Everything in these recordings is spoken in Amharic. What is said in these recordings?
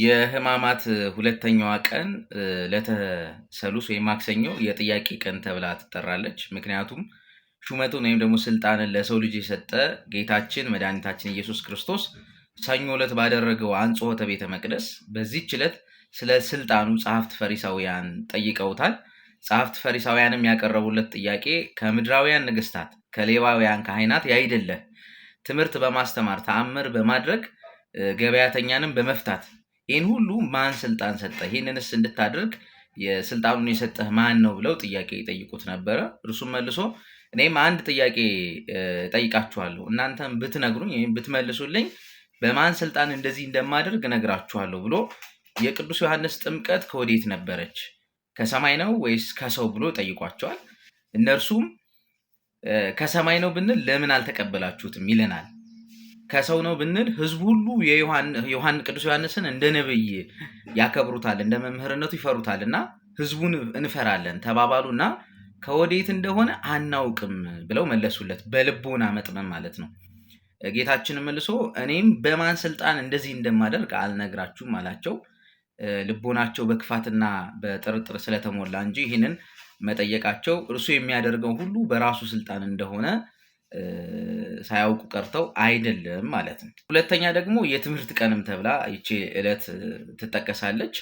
የህማማት ሁለተኛዋ ቀን ዕለተ ሰሉስ ወይም ማክሰኞ የጥያቄ ቀን ተብላ ትጠራለች። ምክንያቱም ሹመቱን ወይም ደግሞ ስልጣንን ለሰው ልጅ የሰጠ ጌታችን መድኃኒታችን ኢየሱስ ክርስቶስ ሰኞ ዕለት ባደረገው አንጽሖተ ቤተ መቅደስ በዚህች ዕለት ስለ ስልጣኑ ጸሐፍት ፈሪሳውያን ጠይቀውታል። ጸሐፍት ፈሪሳውያንም ያቀረቡለት ጥያቄ ከምድራውያን ነገስታት ከሌዋውያን ካህናት ያይደለ ትምህርት በማስተማር ተአምር በማድረግ ገበያተኛንም በመፍታት ይህን ሁሉ ማን ስልጣን ሰጠ? ይህንንስ እንድታደርግ የስልጣኑን የሰጠህ ማን ነው ብለው ጥያቄ ይጠይቁት ነበረ። እርሱም መልሶ እኔም አንድ ጥያቄ ጠይቃችኋለሁ፣ እናንተም ብትነግሩኝ ወይም ብትመልሱልኝ በማን ስልጣን እንደዚህ እንደማደርግ እነግራችኋለሁ ብሎ የቅዱስ ዮሐንስ ጥምቀት ከወዴት ነበረች? ከሰማይ ነው ወይስ ከሰው ብሎ ጠይቋቸዋል። እነርሱም ከሰማይ ነው ብንል ለምን አልተቀበላችሁትም ይለናል። ከሰው ነው ብንል ህዝቡ ሁሉ ቅዱስ ዮሐንስን እንደ ነብይ ያከብሩታል፣ እንደ መምህርነቱ ይፈሩታል። እና ህዝቡን እንፈራለን ተባባሉ እና ከወዴት እንደሆነ አናውቅም ብለው መለሱለት። በልቦና መጥመም ማለት ነው። ጌታችን መልሶ እኔም በማን ስልጣን እንደዚህ እንደማደርግ አልነግራችሁም አላቸው። ልቦናቸው በክፋትና በጥርጥር ስለተሞላ እንጂ ይህንን መጠየቃቸው እርሱ የሚያደርገው ሁሉ በራሱ ስልጣን እንደሆነ ሳያውቁ ቀርተው አይደለም ማለት ነው። ሁለተኛ ደግሞ የትምህርት ቀንም ተብላ ይቺ ዕለት ትጠቀሳለች።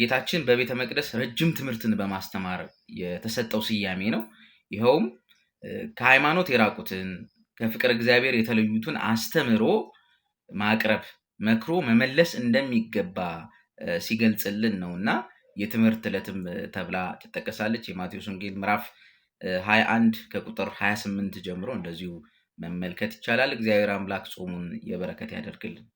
ጌታችን በቤተ መቅደስ ረጅም ትምህርትን በማስተማር የተሰጠው ስያሜ ነው። ይኸውም ከሃይማኖት የራቁትን ከፍቅር እግዚአብሔር የተለዩትን አስተምሮ ማቅረብ፣ መክሮ መመለስ እንደሚገባ ሲገልጽልን ነው እና የትምህርት ዕለትም ተብላ ትጠቀሳለች። የማቴዎስ ወንጌል ምዕራፍ 21 ከቁጥር 28 ጀምሮ እንደዚሁ መመልከት ይቻላል። እግዚአብሔር አምላክ ጾሙን የበረከት ያደርግልን።